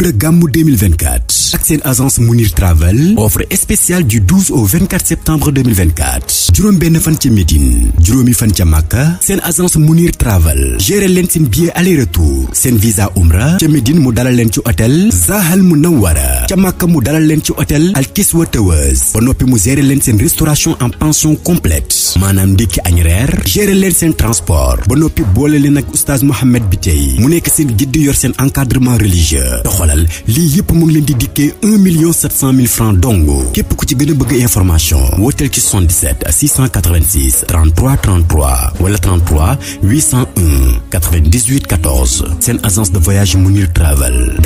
Umra 2024 Avec cette agence Mounir Travel offre spéciale du 12 au 24 septembre 2024 Jérôme benn fan Fantiamaka, Médine fan agence Mounir Travel gère leen billet aller retour un visa Umra ca Médine mu dalal hôtel Zahal Munawwara ca Makka mu dalal hôtel Al Kiswa Towers Bon noppi mu restauration en pension complète Manam dik añ reer géré transport Bon noppi boole leen ak oustaz Mohamed Biteye mu nekk guide yor encadrement religieux Lié lii yëpp 1 million 700 francs dongo képp ku ci gën information wooteel ci 77 686 33 33 33 801 98 14 seen agence de voyage Munir Travel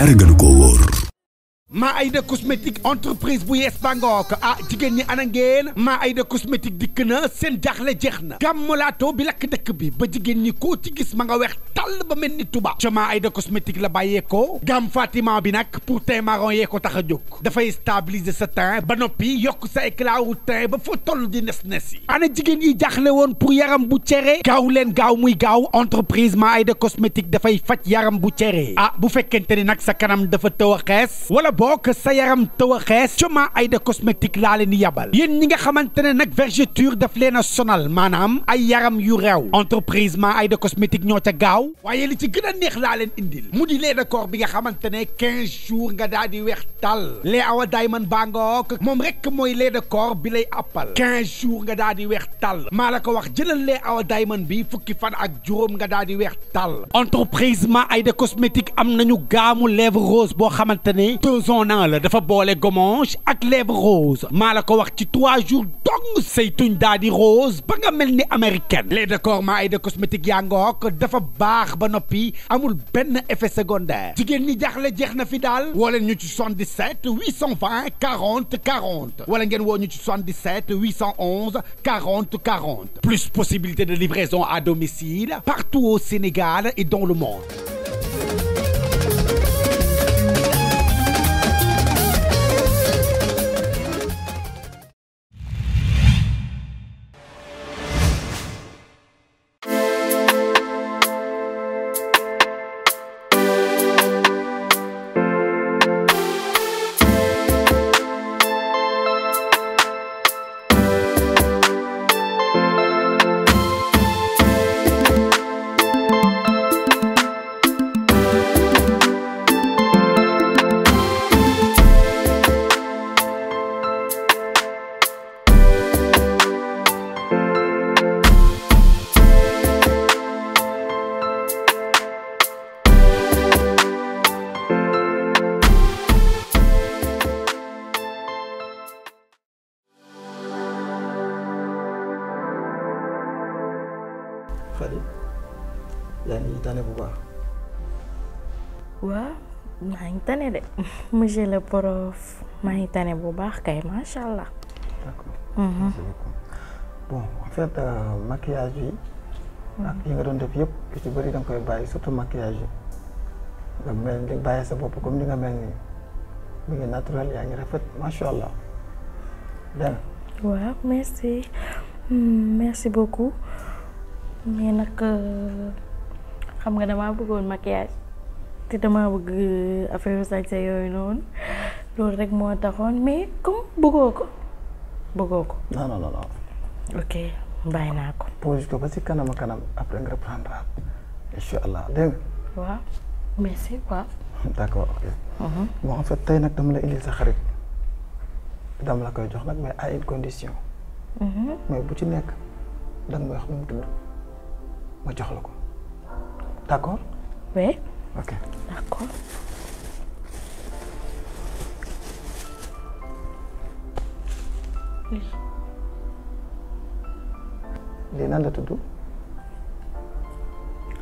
maa ay de cosmétique entreprise bu yees bangook ah jigéen ñi ana ngeen maa ay de cosmétique dikk na seen jaaxle jeex na gàmmolaatoo bi lakk dëkk bi ba jigéen ñi koo ci gis ma nga weex tàll ba mel ni tubaab ca maa ay de cosmétique la bàyyeeko gamme Fatima bi nag pour teint marron yee ko tax a jóg dafay stabiliser sa temps ba noppi yokk sa éclat wu teint ba foo tollu di nes nes yi ana jigéen yi jaaxle woon pour yaram bu cere gaaw leen gaaw muy gaaw entreprise maa ay de cosmétique dafay faj yaram bu cere ah bu fekkente ni nag sa kanam dafa tëw a xees bok sa yaram taw a ci ma ay de cosmétique la leni yabal yéen ñi nga xamantene nak vergeture daf leena sonal manam ay yaram yu rew entreprise ma ay de cosmétique ñoo ca gaaw waye li ci gëna neex la leen indil mu di lait de corps bi nga xamantene 15 jours nga daal di wex tal les awa diamond bangok mom rek moy les de corps bi lay appal 15 jours nga daal di wex tal maa ko wax jëlal les awa diamond bi fukki fan ak juróom nga daal di wex tal entreprise ma ay de cosmétique am nañu gaamu lèvres rose bo xamantene ne Il la dafa boole les ak lèvre rose maa la ko wax ci trois jours donc say tuñ daa rose ba nga mel ni américaine les décorements et de cosmétiques yaa ngook dafa baax ba noppi amul benn effet secondaire jigéen ñi jaaxle jeex na fi daal woo ñu ci 77 820 40 40 wala ngeen woo ci 77 811 40 40 plus possibilité de livraison à domicile partout au Sénégal et dans le monde tane bu baax waaw maa ngi tane de monsieur le prof maa ngi allah. bon en fait maquillage yi ak yi nga doon def yëpp yu ci bëri da koy bàyyi surtout maquillage yi mel ni bàyyi sa bopp comme ni nga mel nii mu ngi naturel yaa ngi rafet macha allah ya. merci hmm, merci beaucoup mais kamu nga dama ya. mau maquillage te dama bëgg affaire sañse yooyu noonu loolu rek moo taxoon mais comme bëggoo ko bëggoo ko. non non non. ok bàyyi naa ko. pose ko ba si kanam a kanam après nga reprendre incha allah dégg nga. waaw merci quoi. d' accord ok. bon en fait tey nag dama la indil sa xarit dama la koy jox nag mais à une condition. mais bu ci nekk may wax nu mu D'accord Oui. Ok. D'accord. Oui. Ah. lii tu mm-hmm. la tudd.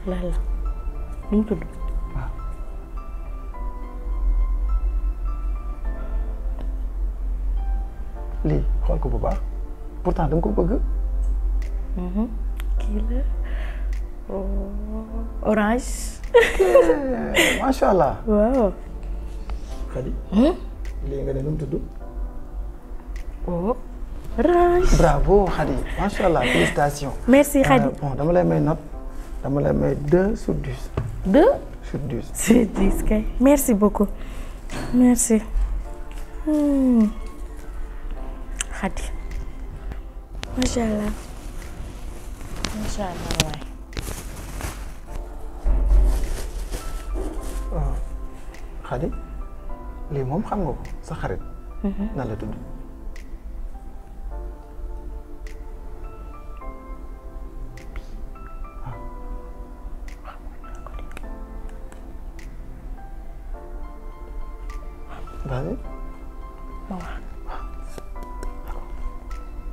lan tu nu tu tudd. que tu pourtant Oh, orange. Okay. Masha'Allah. Wow. Khadi. Hein? Hmm? Tu as dit Oh, orange. Bravo, Khadi. Masha'Allah, félicitations. Merci, euh, Khadi. Euh, bon, donne-moi les notes. Donne-moi les 2 sur 10. 2 sur 10. C'est 10, ok. Merci beaucoup. Merci. Hmm. Khadi. Masha'Allah. Masha'Allah, ouais. xadi lii moom xam nga ko sa xarit mhm. nan la tudd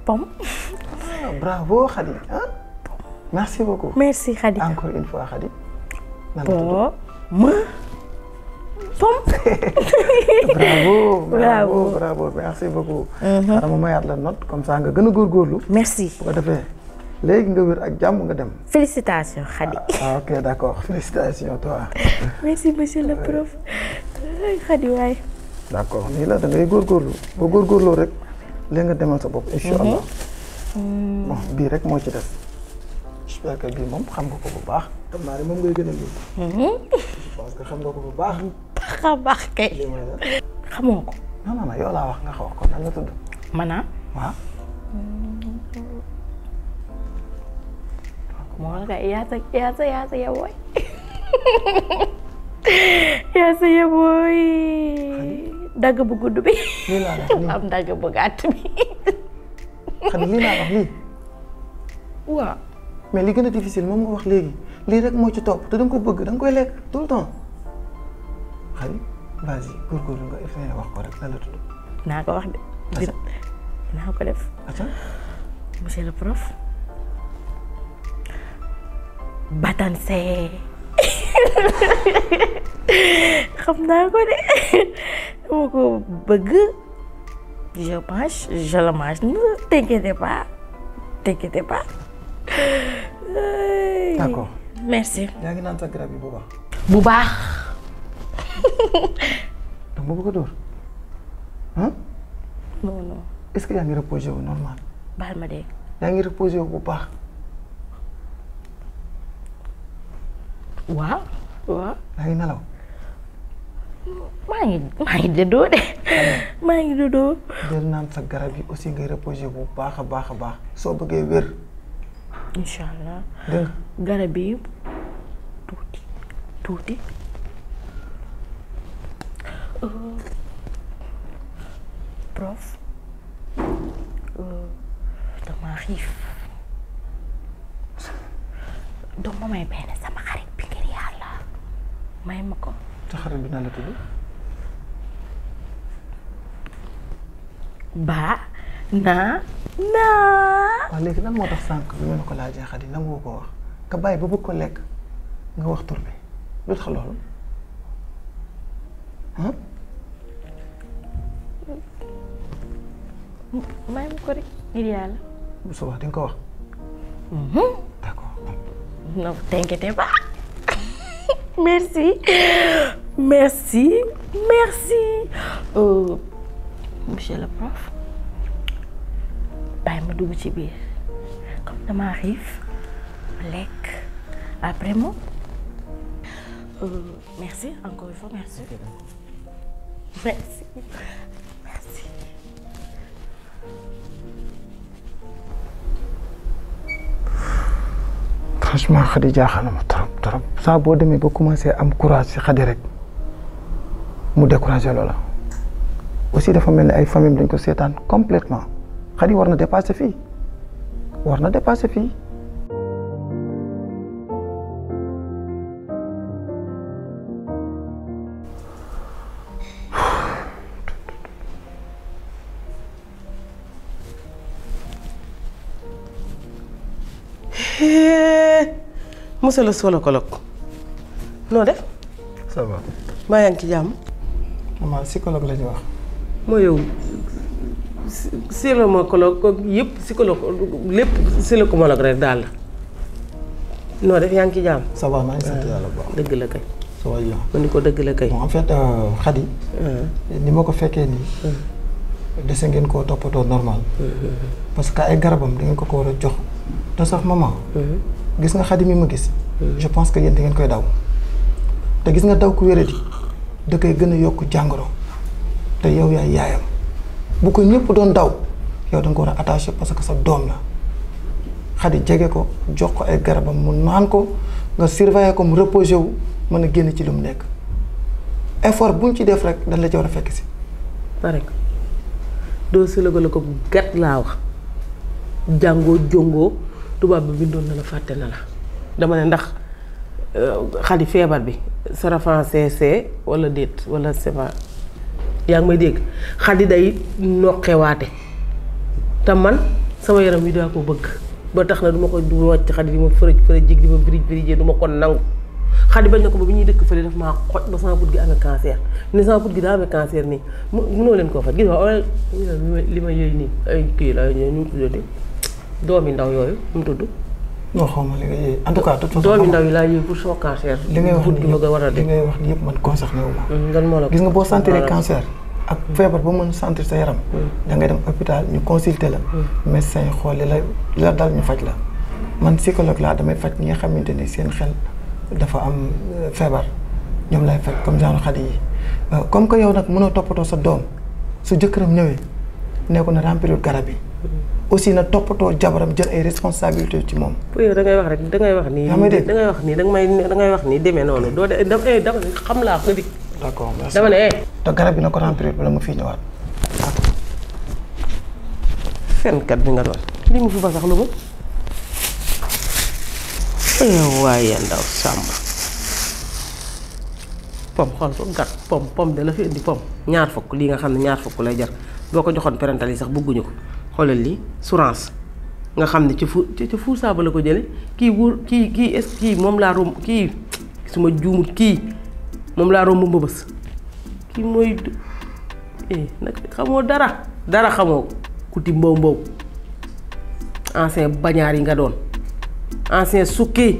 pom ah, bravo Khadi hein? merci beaucoup merci Khadi encore une fois Khadi nan ma pompe. bravo bravo bravo merci beaucoup. xanaa ma mayaat la note comme ça nga gën a góorgóorlu. merci bu ko defee léegi nga wér ak jàmm nga dem. félicitations Khady. ah, ah ok d'accord félicitations toi. merci monsieur le prof Khady waay. d'accord nii la da ngay góorgóorlu boo góorgóorloo rek léegi nga demal sa bopp. incha allah mm-hmm. bon bii rek moo ci des. j'espère que bii moom xam nga ko bu baax. xam naa ne moom ngay gën a lii. Mm-hmm. je pense que xam nga ko bu baax. xa baax kay. xamoo ko. non non yow laa wax nga xaw ko nan la tudd. maanaam. waaw. moo tax yaasa yaasa yaasa yabooy. yaasa yabooy. dagg bu gudd bi. lii laa wax lii am dagg bu gàtt bi. xam lii laa wax lii. waaw. mais li gën a difficile moom nga wax léegi lii rek moo ci topp te da nga ko bëgg da nga koy lekk tout le temps. xëy ko rek lan la tudd. naa ko wax de. naa ko def. monsieur le prof. Batanse xam naa ko de dama ko ngi naan donc ma bëgg a dóor ah. non non. wu normal. baal ma dee. yaa ngi wu bu baax. waaw waaw. yaa nelaw. maa ngi maa ngi dédoo de maa ngi dédoo. jël naan sa garab yi aussi ngay reposé bu baax a baax a baax soo bëggee wér. incha allah. garab tuuti tuuti. بروف دوما خيف دوما ما يبين سما خريب بكري هلا ما يمكم تخرب بنا لك دو با نا نا وليك لن موضع سانك بمين كل حاجة خدي لن موضع كواخ كباي ببو كلك نغوخ تربي بيدخلوه ها؟ Je mu ko rek ngir yàlla. d'accord. non t'inquiète pas. merci merci merci euh, monsieur le prof je ma dugg ci que comme ça m'arrive, ma après moi. euh, merci encore une fois merci merci. franchement xadi jaaxal na ma trop trop saa boo demee ba commencé am courage si xadi rek mu découragé loola aussi dafa mel ni ay famille dañ ko seetaan complètement xadi war na dépassé fii war na dépassé fii monsieur le gynécologue no def. ça va. ma yang ngi jam jàmm. maman psychologue la ñu wax. mooy yow gynécologue yëpp psychologue lépp gynécologue rek daal la noo def eh? yaa ngi ci jàmm. ça va maa ngi sant yàlla ah, bu baax la kay. ça va yow. ma ni ko dëgg la kay. en fait euh, ah. ni ah. ngeen normal. parce que ay garabam da ngeen ko ko war jox sax maman. gis nga xadi mi ma gis. je pense que yéen da ngeen koy daw te gis nga daw ku wéradi da koy gën a yokk jàngoro te yow yaay yaayam bu ko ñëpp doon daw yow da nga war a attaché parce que sa doom la xadi jege ko jox ko ay garabam mu naan ko nga surveiller ko mu reposé wu mën a génn ci lu mu nekk effort bu ñu ci def rek dañ la ci war a fekk si. pare ko doo si la ko bu gàtt laa wax jàngoo jongoo. tuba bi bindon na la faté na la dama né ndax xali euh, feebar bi sarafan cc wala dit wala seva yaa ngi may dég xali day waté ta man sama yaram yi da ko bëgg ba tax na duma ko du wacc xali di ma fërëj fërëj jig di ma birij birijee du ma ko nang xali bañ na ko ba bi dëkk fële daf ma xoj ba sama put gi am cancer ni sama put gi da am cancer ni mëno leen ko fa gis nga li ma ni ay kii la ñu ñu doomi ndaw yooyu mu tudd. non xaw ma li ngay en tout cas de toute façon doomi ndaw yi laa yëg pour soo cancer. li ngay wax li ngay wax yëpp man concerné wu ma. lan mm, moo la gis nga boo sentir cancer. ak mm. feebar ba mën sentir sa yaram. Mm. da ngay dem hôpital ñu consulter la. médecin xool la la dal ñu faj la. man psychologue laa damay faj ñi nga xamante ni seen xel dafa am euh, feebar ñoom lay faj comme genre xale yi euh, comme que yow nag mënoo toppatoo sa doom su jëkkëram ñëwee nekku na remplir garab yi. aussi na toppatoo jabaram jël ay responsabilités ci moom. da ngay wax rek da ngay wax nii. da ngay wax nii da ngay da ngay wax nii demee noonu doo de dama eh, xam laa ko dik. d' accord merci dama ne. Eh. te garab yi na ko remplir bala ma fii ñëwaat. fenkat bi nga doon lii mu fi ba lu ma. Eh, waaye ndaw Samba. pom xool ko gat pom de la fi pom ñaar fukk lii nga xam ne ñaar fukk lay jar boo ko joxoon parental yi sax bëgguñu ko. xoolal li Sourance nga xam ne ci fu ca fu la ko jële kii wóor kii kii est moom laa romb kii su ma kii moom laa romb mbëbës kii mooy eh nag xamoo dara dara xamoo kuti mbow mbow ancien bañaar yi nga doon ancien sukki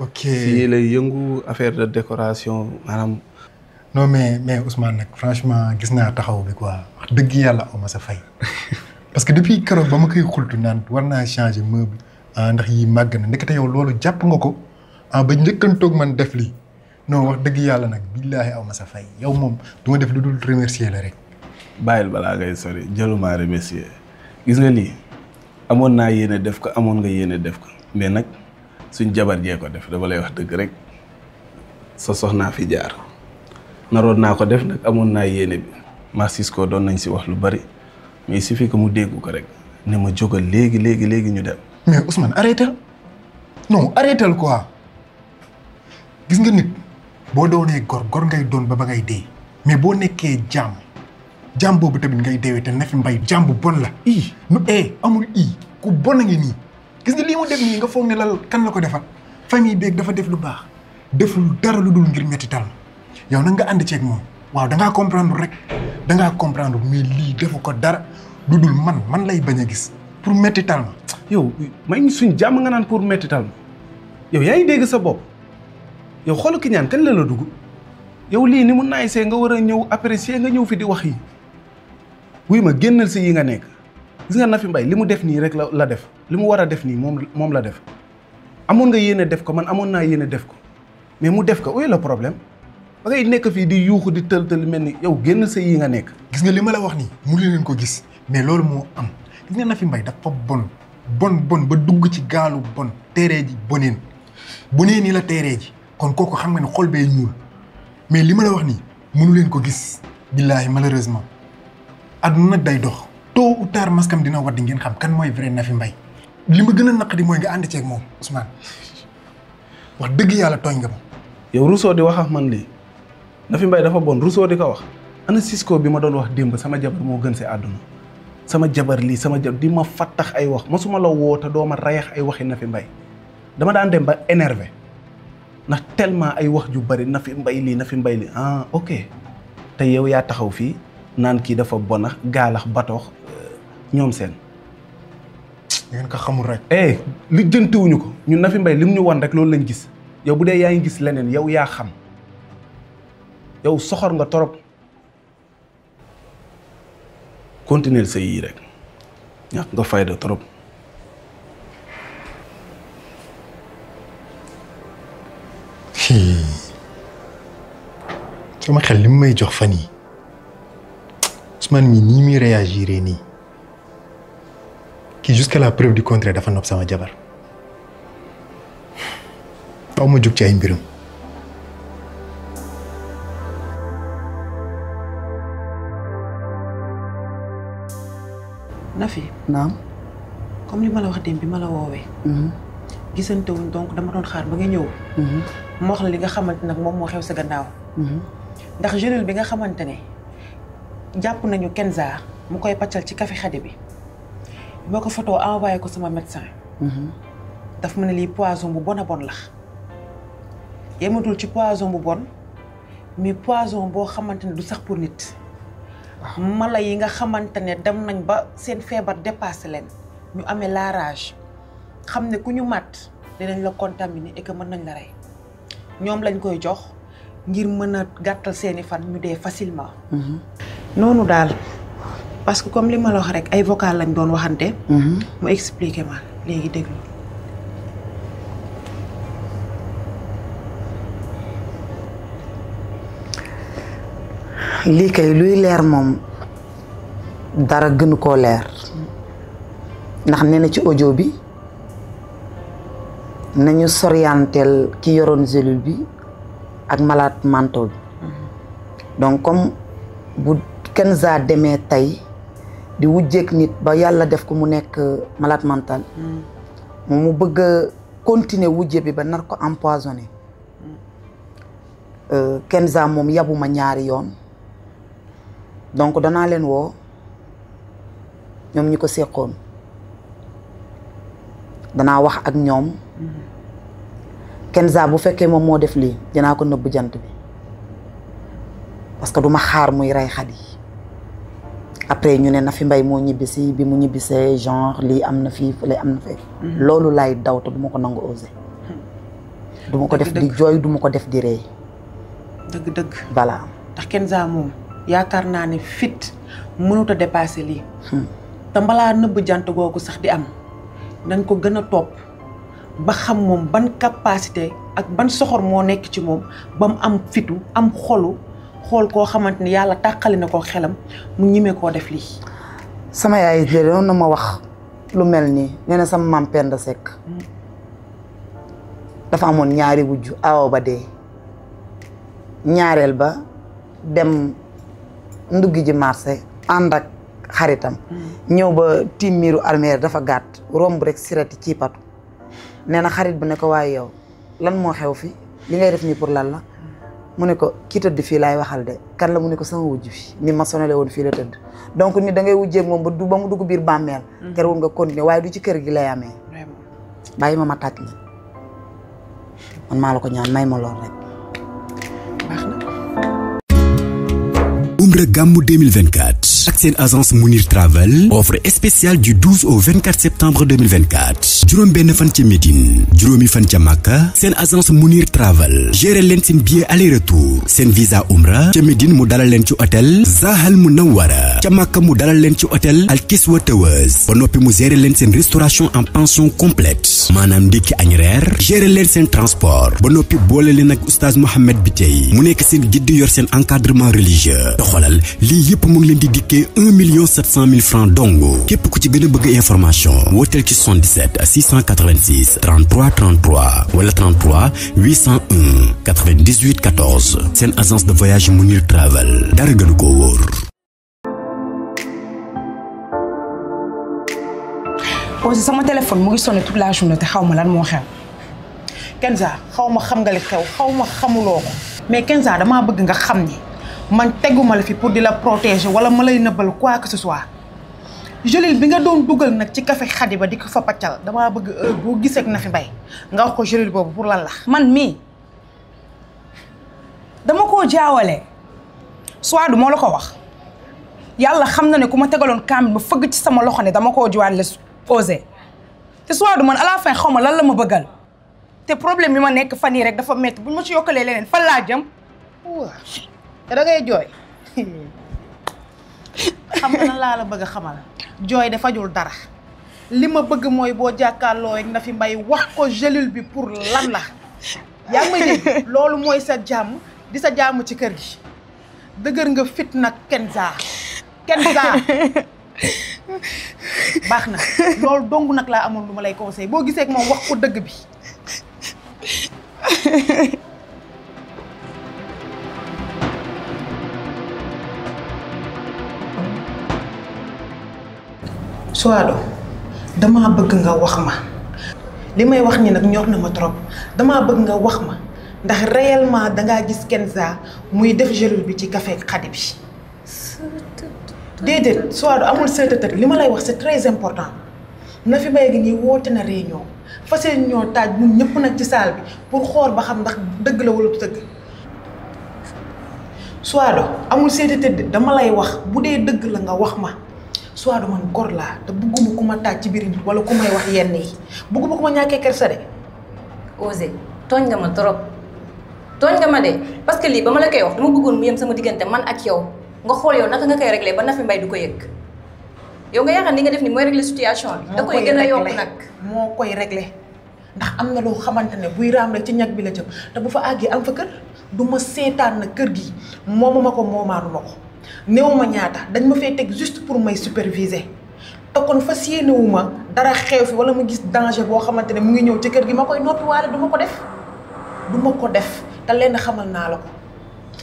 ok si lay yëngu affaire de décoration maanaam. non mais mais Ousmane nag franchement gis na taxaw bi quoi wax dëgg yàlla aw ma sa fay. parce que depuis keroog bama kay khultu xultu warna changer meuble ah, ndax yi magna na ndekete yow loolu jàpp nga ko ah ba njëkkantoog man def li non wax dëgg yalla nak billahi aw ma sa fay yow mom du ma def lu dul remercier la rek. bayil bala ngay sori jëluma remercier gis nga lii amon na yene def ko amon nga yene def ko mais nak suñ jabar jé ko def dama lay wax deug rek sa soxna fi jaar naroon na ko def nak amon na yene bi ma sis ko doon nañ ci wax lu bari mais sifi ko mu déggu ko rek ne ma jogal légui légui légui ñu dem mais Ousmane arrêtel non arrêtel quoi gis nga nit boo doonee gor gor ngay don ba ba ngay dé mais bo nekkee jam jam bobu tamit ngay déwé té na fi mbay jam bu bon la i nu é eh, amul i ku bon nga ni gis nga lii mu def nii nga foog ne la kan la ko defal famille beeg dafa def lu baax deful dara lu dul ngir mettital yow nag nga ànd ceeg moom waaw dangaa comprendre rek dangaa comprendre mais lii defu ko dara lu dul man man lay bañ a gis pour mettital ma. yow may suñ jàmm nga naan pour mettital ma yow yaa ngi dégg sa bopp yow xoolu ki ñaan kan la la yow lii ni mu naay see nga war a ñëw apprécier nga ñëw fi di wax yi wuy ma génnal si yi nga nekk gis nga Nafi mbay li mu def nii rek la la def. limu wara def ni mom mom la def amoon nga yene def ko man amoon na yene def ko mais mu def ko oui le problème ba ngay nek fi di yuxu di teul teul melni ni yow genn sa yi nga nek gis nga limala la wax ni mu leen ko gis mais lolu mo am gis nga Nafi mbay dafa bon bon bon ba dugg ci galu bon téré ji Bonen bune ni la téré ji kon kooku xam nga ni xol be ñuul mais limala wax la mu nu mënu leen ko gis billahi malheureusement aduna day dox tôt ou tard maskam dina wad ngeen xam kan moy vrai Nafi mbay li ma gën a naq di mooy nga ànd ceeg moom Ousmane wax dëgg yàlla tooñ nga ma. yow Rousseau di wax man lii Nafi Mbaye dafa bon Rousseau di ko wax ana Cisco bi ma doon wax démb sama jabar moo gën si àdduna sama jabar lii sama jabar di ma fattax ay wax masuma la woo dooma doo ma rayax ay waxi Nafi Mbaye dama daan dem ba énervé ndax tellement ay wax ju bari Nafi mbay lii fi mbay lii ah ok te yow yaa taxaw fii naan kii dafa bonax gaalax batoox euh, ñoom seen. da ngeen ko xamul rek. eh li jëntiwuñu ko ñun Nafi Mbaye lim ñu wan rek loolu lañ gis yow bu dee yaa ngi gis leneen yow yaa xam yow soxor nga torop continuer sa yii rek ñàkk nga fayda torop sama xel li may jox fan yi Ousmane mi nii muy réagiré nii kii jusqu'à la preuve du contraire dafa nopp sama jabar faw ma jug ci ay mbiram Nafi naam comme li ma la wax démb bi ma la woowee mhm. gisante wuñ donc dama doon xaar ba nga ñëw mhm. li nga xamante nag moom moo xew sa gannaaw mhm. ndax jeunel bi nga xamante ne jàpp nañu Kenza mu koy paccal ci café xade bi boo ko photo envoyé ko sama médecin. daf ma ne lii poison bu bon a bon la. yematul ci poison bu bon mais poison boo xamante ne du sax pour nit. Ah. mala yi nga xamante ne dem nañ ba seen feebar dépassé leen ñu amee la rage xam ne ku ñu matt dinañ la contaminer et que mën nañ la rey ñoom lañ koy jox ngir mën a gàttal seeni fan ñu dee facilement. Mhm. noonu daal. parce que comme li ma la wax rek ay vocal lañ doon waxante. Mhm. mu expliqué ma léegi déglu. lii kay luy leer moom dara gënu koo leer ndax nee na ci ojo bi nañu sorianteel ki yoroon cellule bi ak malaat mental bi mhm. donc comme bu Kenza demee tey di wujjeek nit ba yàlla def ko mu nekk euh, malaat mental hmm. moom mu bëgg a continuer wujje bi ba nar ko kenn hmm. euh, Kenza moom yabuma ñaari yoon donc danaa leen woo ñoom ñi ko seqoon danaa wax ak ñoom kenn hmm. Kenza bu fekkee moom moo def lii dinaa ko nëbb jant bi parce que duma xaar muy rey xadi après ñu na fi mbay mo ñibisi bi mu ñibisé genre li am fi fii am na fee. Mhm. loolu laay daw te du ko nangu osé. Hmm. duma ko def di joy duma ko def di ré deug deug voilà ndax Kenza mom yaakar na ne fit mënu a dépasser li. Hmm. ta mbala neub jant googu sax di am nañ ko gëna a ba xam mom ban capacité ak ban soxor mo nekk ci mom bam am fitu am xolu xol ko xamanteni ni ya tàqali ko xelam mu ñime ko def li sama yaay jere non ma wax lu melni, neena sama mam Penda sek dafa amone ñaari wujju awo ba de ñaarel ba dem ndugi ji marché andak xaritam. ñew ba timiru armer dafa gat, romb rek sirati ci patu neena xarit bu ne ko way yow lan mo xew fi li ngay def ni pour lan la. Muneko kita ko ki tëdd fi lay waxal de kan la mu ko sama wujju fi ni ma sonale won fi la tëdd donc ni da ngay wujjeeg mom ba du ba mu dugg biir mm. ker terewul nga continuer way du ci ker gi lay amé bayima ma tak ni man maa ko ñaan may ma lool rek baxna gamu 2024 agence Mounir Travel offre spéciale du 12 au 24 septembre 2024 juróom Ben fan Jérôme Médine juróomi fan agence Mounir Travel gérer l'entrée billet aller retour Sen visa umra ca Médine mu dalal hôtel Zahal Munawara, Jamaka Makka mu hôtel Al Kiswa Bonopi Bon noppi restauration en pension complète Manam Diki anirer, gérer transport Bonopi noppi boole oustaz Mohamed Biteye mu nekk seen guide encadrement religieux un million sept cent mille francs dongo est ku ci gën bëgg information wooteel ci 77 686 33 33 wala 33 801 98 14 une agence de voyage Munir Travel dara gënu ko wóor. aussi sama téléphone mu ngi sonné toute la journée té xawma pas lan mo xew Kenza xawma xam nga li xew xawma xamuloko. mais Kenza dama bëgg nga xam ni. man teguma la fi pour di la protéger wala ma lay nëbbal quoi que ce soit jolil bi nga doon dugal nag ci kafe xadi ba di ko fa paccal damaa bëgg heure boo gisee na fi mbay nga wax ko jolil boobu pour lan lax man mii dama ko jaawale Souadou moo la ko wax yàlla xam na ne ku ma tegaloon kaamil ba fëgg ci sama loxo ne dama koo jiwaan la te Souadou man à la xaw ma lan la ma bëggal te problème bi ma nekk fan yii rek dafa métti bu ma ci yokkalee leneen fan laa jëm waaw te da ya, Joy. jooy xam nga la la bëgg xamal Joy de fajul dara Lima bëgg moy bo jàkkaarloo ak na fi mbay wax ko gelul bi pour lan la Ya ngi may lolu moy sa di sa ci kër gi Deugër nga fit Kenza Kenza Baxna. Lolu dong nak la amul luma lay conseil Bo gisé ak mom wax ko deug bi Souado damaa bëgg nga wax ma li may wax ni nag ñor na ma trop damaa bëgg nga wax ma ndax réellement dangaa gis kenn saa muy def gelul bi ci kafe xadi bi. déedéet Souado amul seetat li ma lay wax c'est très important na fi may gi nii woote na réunion fas yéene ñoo taaj ñun ñëpp nag ci salle bi pour xool ba xam ndax dëgg la wala du dëgg. Souado amul seetat dama lay wax bu dee dëgg la nga wax ma. soit du man gor laa te bugguma ku ma taaj ci biir nit wala ku may wax yenn yi bugguma ku ma ñàkkee kersa de. Osé tooñ nga ma trop tooñ nga ma de parce que lii ba ma la koy wax dama bëggoon mu yem sama diggante man ak yow nga xool yow naka nga koy réglé ba Nafi Mbaye du ko yëg yow nga yaakaar ni nga def ni mooy réglé situation bi. da koy gën a yokk nag moo koy regle ndax am na loo xamante ne buy raam rek ci ñag bi la jëm te bu fa àggee am fa kër du ma seetaan na kër gi moomu ko moomaanu ma néewuma ñaata dañ ma fee teg juste pour may superviser te kon fas ma dara xew fi wala mu gis danger boo xamante ne mu ngi ñëw ci kër gi ma koy noppiwaale du ma ko def du ma ko def te lenn xamal naa la ko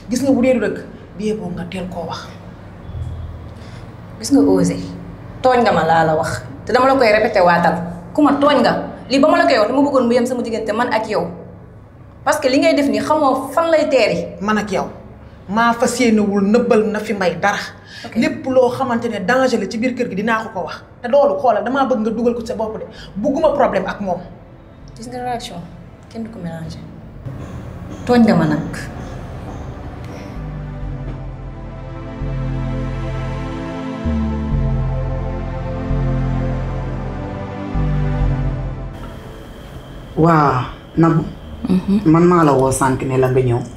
gis nga bu dee du dëgg bi boo nga teel koo wax gis nga Osé tooñ nga ma laa la wax te dama la koy répété waatal ku ma tooñ nga lii ba ma la koy wax dama bëggoon mu yem sama diggante man ak yow parce que li ngay def nii xamoo fan lay teeri man ak yow ma wul neubal na fi may dara lepp lo xamantene danger la ci bir keur gi dina ko ko wax te lolu xolal dama bëgg nga duggal ko ci bop de buguma problème ak mom gis nga relation kenn du ko mélanger togn dama nak wa nabu mhm. man ma la wo sank ne la nga ñew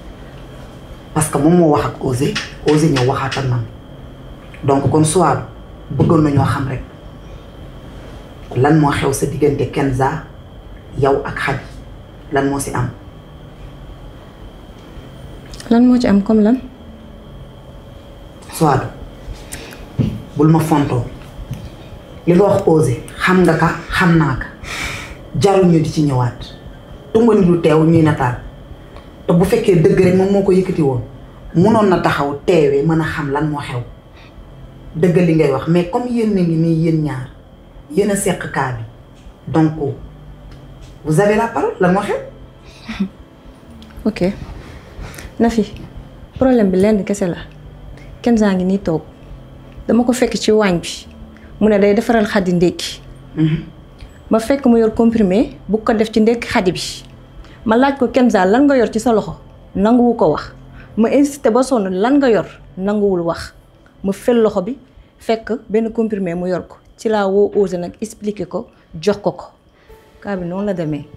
parce moom moo wax ak Osé Osé ñëw waxaat ak man donc kon soit bëggoon nañoo xam rek lan moo xew sa diggante Kenza yow ak xaj lan moo ci am. lan moo ci am comme lan. soit bul ma fontoo li nga wax Osé xam nga ka xam naa ka jarul ñu di ci ñëwaat tunga ni lu teew ñuy nataal te bu fekkee dëgg rek moom moo ko yëkkati woon. mënoon na taxaw teewee mën a xam lan moo xew dëgg li ngay wax mais comme yéen a ngi nii yéen ñaar yéen a seq kaa bi donc vous avez la parole lan moo xew. ok Nafi problème bi lenn kese la kenn saa ngi nii toog dama ko fekk ci waañ bi mu ne day defaral xadi ndékki. Mhm. ma fekk mu yor comprimé bu ko def ci ndékki xadi bi ma laaj ko kenn saa lan nga yor ci sa loxo nanguwu ko wax. ma insisté ba sonn lan nga yor nanguwul wax ma fel loxo bi fekk benn comprimé mu yor ko ci laa woo osé nag expliqué ko jox ko ko cas bi noonu la demee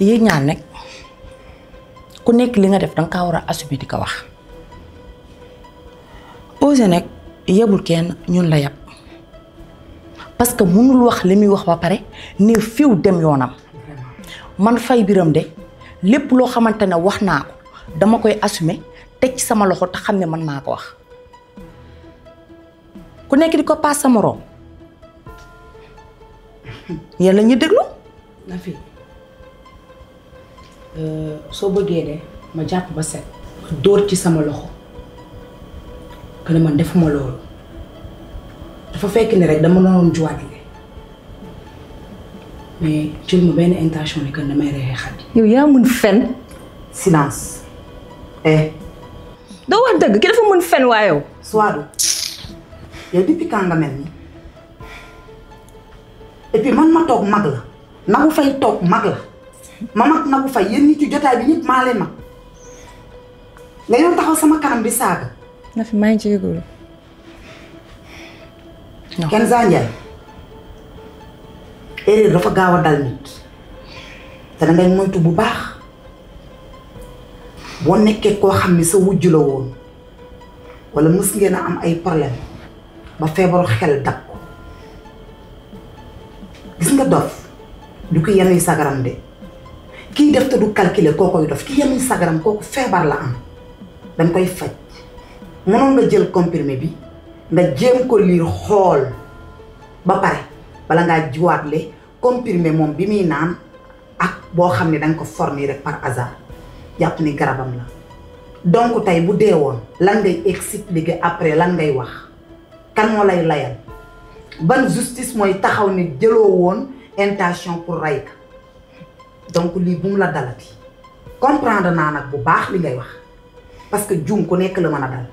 yéen ñaar nekk ku nekk li nga def danga kaa war a assumer di ko wax osé nag yebul kenn ñun la yab parce que mënul wax li muy wax ba pare ne fiw dem yoonam man fay biram de lépp loo xamante ne wax naa ko dama koy assumer teg ci sama loxo te xam ne man maa ko wax ku nekk di ko paas sa moroom yéen la ñuy déglu. Euh, soo bëggee de ma jàpp ba set. dóor ci sama loxo que ne defuma loolu dafa fekk ni rek dama noonu juwaat li mais jël ma benn intention ni que damay rey xadi. yow yaa mën fen. silence. eh. doo wax dëgg ki dafa mën fen waa yow. Souadou yow depuis nga mel nii et man ma toog mag la nagu fay toog mag la ma mag nagu fay yéen ci jotaay bi ñëpp maa mag nga yow taxaw sama kanam bi saaga. na fi maa ngi ciy erreur dafa gawa dal nit da na ngay moytu bu baax bo nekké ko xamni sa wujju la won wala mus ngeena am ay problème ba feebaru xel dab ko gis nga dof du ko yenuy sagaram de ki def ta du calculer ko koy dof ki yenuy sagaram kooku febar la am Dang koy faj mënon nga jël comprimé bi nga jëm ko lire xol ba pare bala juwat le comprimé mon bi muy naan ak bo xam dang ko former rek par hasard jàpp ni garabam la donc tay bu dee woon lan ngay expliquer après lan ngay wax kan mo lay layal ban justice moy taxaw ni djelo won intention pour rey ka donc li bu mu la dalati comprendre naa nag bu baax li ngay wax parce que djum ko nek la mana dal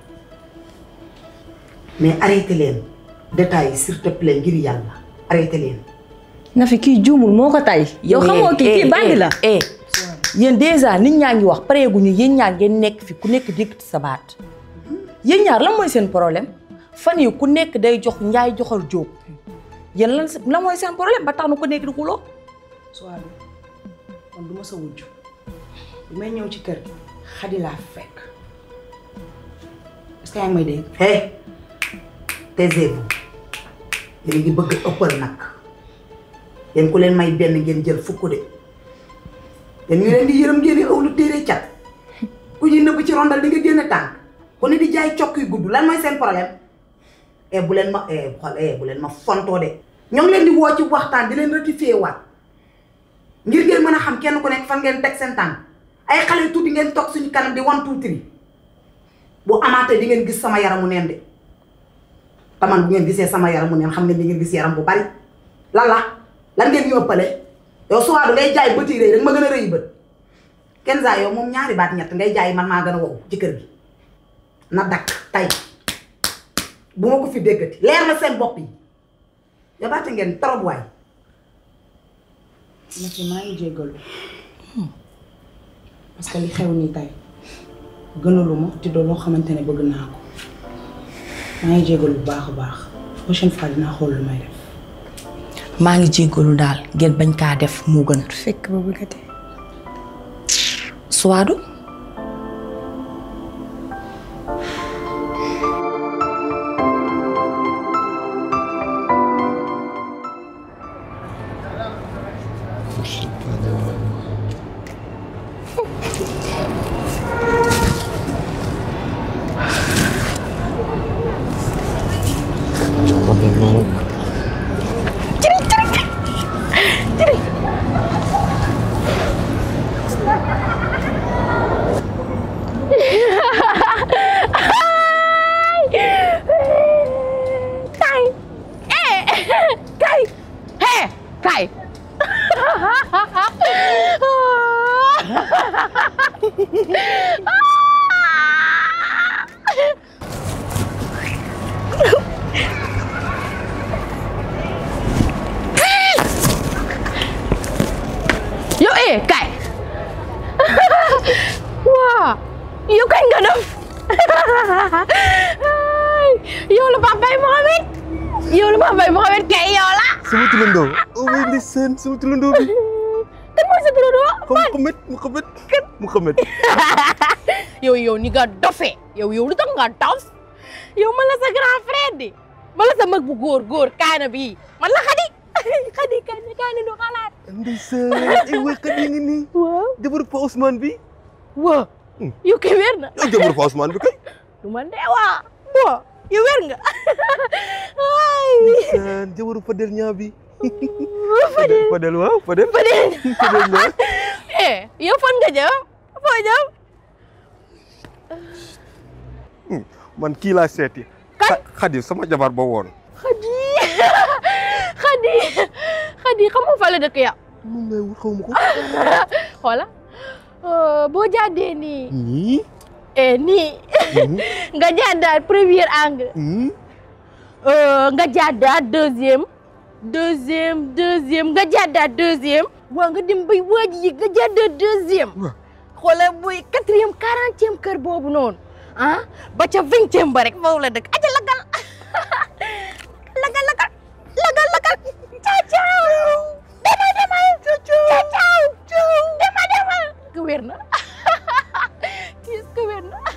mais arrêtez les détails s'il te plaît ngir yalla arrêté leen na fi kii juumul moo ko tay yow eh, xamoo kii eh, kii bandi eh, la yéen dèjà nit ñaa ngi wax pareeguñu yéen ñaar ngeen nekk fi ku nekk dikk sa baat yéen ñaar lan mooy seen problème fan yi ku nekk day jox njaay joxal jóob yéen lan lan mooy seen ba tax na ku nekk di xuloo soit bi man ma sa wujj bu may ñëw ci kër gi xadi laa fekk est yaa ngi may dégg. hey taisez-vous léegi bëgg ëppal nag. yen ku len may ben ngeen jël fukku de yéen ñu len di yërëm ngeen aw lu téere cat ku ñuy neub ci rondal di nga génn tan ku ne di jaay ciokku yu gudd lan moy seen problème e bu len ma e eh, xol e eh, bu len ma fonto de ñong len di wo ci waxtaan di leen ratifié waat ngir ngeen mëna xam kenn ku nekk fan ngeen tek seen tan ay xalé tuddi ngeen tok suñu kanam di wan tuuti bu amate di ngeen gis sama yaramu neen de tamane bu ngeen gisee sama yaramu neen xam ngeen di ngeen gis yaram bu bari lan la lan ngeen ñu ëppale yow soit du ngay jaay bëti rëy rek ma gën a rëy bët Kenza yow moom ñaari baat ñett ngay jaay man maa gën a wow ci kër na dakk tay bu ma ko fi déggati leer na seen bopp yi yabaate ngeen trop waay. ma ci maa ngi jéggalu parce li xew nii tay gënalu ti doo loo xamante ne bëgg naa ko maa ngi jéggalu bu baax a baax prochaine fois dinaa xool lu may def. maa ngi jéggalu daal ngeen bañ kaa def moo gën. fekk suwaadu. Semua dong. Oh, hindi sen. Semua dong. Kan sebut dulu. tulundong? Kung mau mo kan, mau komit. Yo, yo, nih gak dofe. Eh. Yo, yo, tau gak dof. Yo, malah segera girlfriend. Eh. Mala malah magbugor gur-gur na kan, bi. malah kadi, kadi kadi, kadi ka kalat. Hindi sen. Iwe eh, ka di ni. Wow. baru pa Osman bi. Wow. Hmm. Yo, Yuk, oh, dia baru pa Osman bi kay. Cuman dewa. Wow. You wear nggak? Hai. Bukan, dia baru padelnya Abi. Oh, padel. Padel wow, padel. Padel. Padel wow. eh, Yofan iya, nggak jawab? Apa jawab? Hmm, man kila seti. Ya kan? Kadi sama Jabar Bawon. Kadi. Kadi. Kadi, kamu fala dek ya? Kamu lewur kamu kok. Hola. Uh, eh, bo ni. Ni? Eni hmm? nga jadi premier angle hmm? eh, Nggak jadi deuxième deuxième deuxième nga jadi deuxième Wah nga dem bay waaj jadi deuxième xoolal booy quatrième kan quarantième kër boobu noonu ah baca ca vingtième barek mau foofu la dëkk aja lagal lagal lagal lagal lagal ciao. caaw dama Ciao ciao. Ciao ciao. dama wér na ชีวิต